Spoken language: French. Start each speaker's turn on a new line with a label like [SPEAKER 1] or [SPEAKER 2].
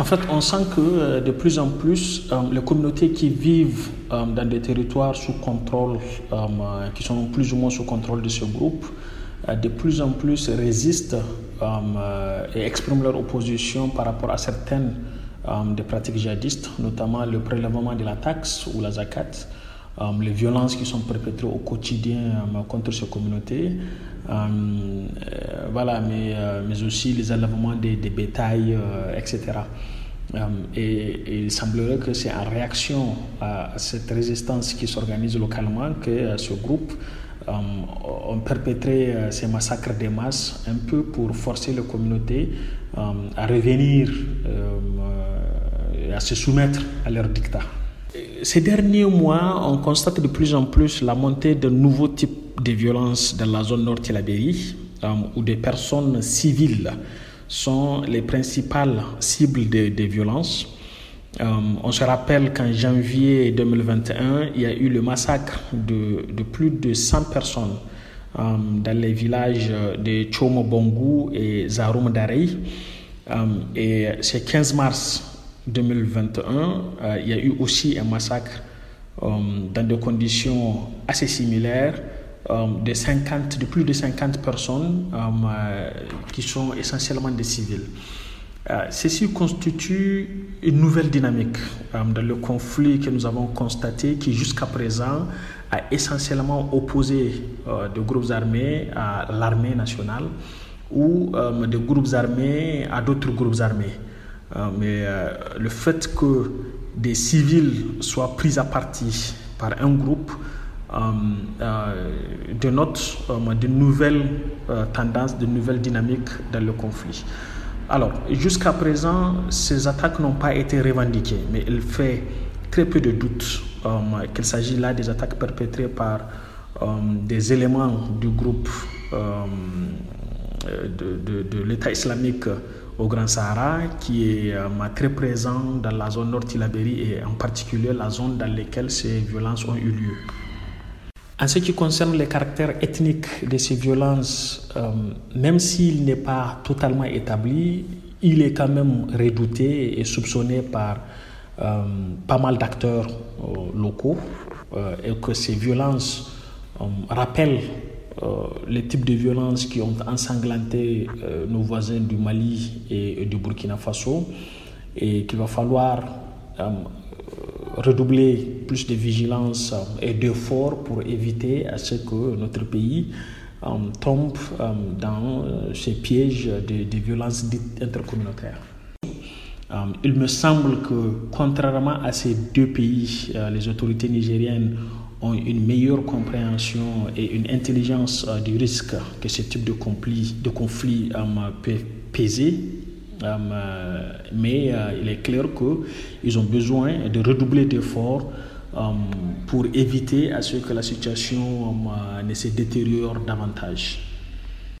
[SPEAKER 1] En fait, on sent que euh, de plus en plus, euh, les communautés qui vivent euh, dans des territoires sous contrôle, qui sont plus ou moins sous contrôle de ce groupe, de plus en plus résistent et expriment leur opposition par rapport à certaines des pratiques djihadistes, notamment le prélèvement de la taxe ou la zakat, les violences qui sont perpétrées au quotidien contre ces communautés, mais, euh, mais aussi les enlèvements des, des bétails, euh, etc. Euh, et, il semblerait que c'est en réaction à cette résistance qui s'organise localement que ce groupe euh, ont perpétré ces massacres des masses un peu pour forcer les communautés à revenir, et à se soumettre à leur dictat. Ces derniers mois, on constate de plus en plus la montée de nouveaux types de violences dans la zone nord de euh, ou des personnes civiles sont les principales cibles des, violences. Euh, on se rappelle qu'en janvier 2021, il y a eu le massacre de, plus de 100 personnes euh, dans les villages de Chomobongu et Zarum et ce 15 mars 2021, il y a eu aussi un massacre dans des conditions assez similaires euh, de, 50, de plus de 50 personnes euh, euh, qui sont essentiellement des civils. Ceci constitue une nouvelle dynamique dans le conflit que nous avons constaté qui jusqu'à présent a essentiellement opposé des groupes armés à l'armée nationale ou des groupes armés à d'autres groupes armés. mais le fait que des civils soient pris à partie par un groupe Um, uh, de um, de nouvelles uh, tendances, de nouvelles dynamiques dans le conflit. Alors, jusqu'à présent, ces attaques n'ont pas été revendiquées, mais il fait très peu de doute um, qu'il s'agit là des attaques perpétrées par des éléments du groupe de, l'État islamique au Grand Sahara, qui est très présent dans la zone nord tilabéry et en particulier la zone dans laquelle ces violences ont eu lieu. En ce qui concerne le caractère ethnique de ces violences, euh, même s'il n'est pas totalement établi, il est quand même redouté et soupçonné par euh, pas mal d'acteurs euh, locaux et que ces violences rappellent les types de violences qui ont ensanglanté nos voisins du Mali et, et, du Burkina Faso et qu'il va falloir redoubler plus de vigilance euh, et d'efforts pour éviter à ce que notre pays euh, tombe euh, dans ces pièges de, violences dites intercommunautaires. il me semble que, contrairement à ces deux pays, les autorités nigériennes ont une meilleure compréhension et une intelligence du risque que ce type de de conflit peut peser euh, mais euh, il est clair qu'ils ont besoin de redoubler d'efforts euh, pour éviter à ce que la situation ne se détériore davantage.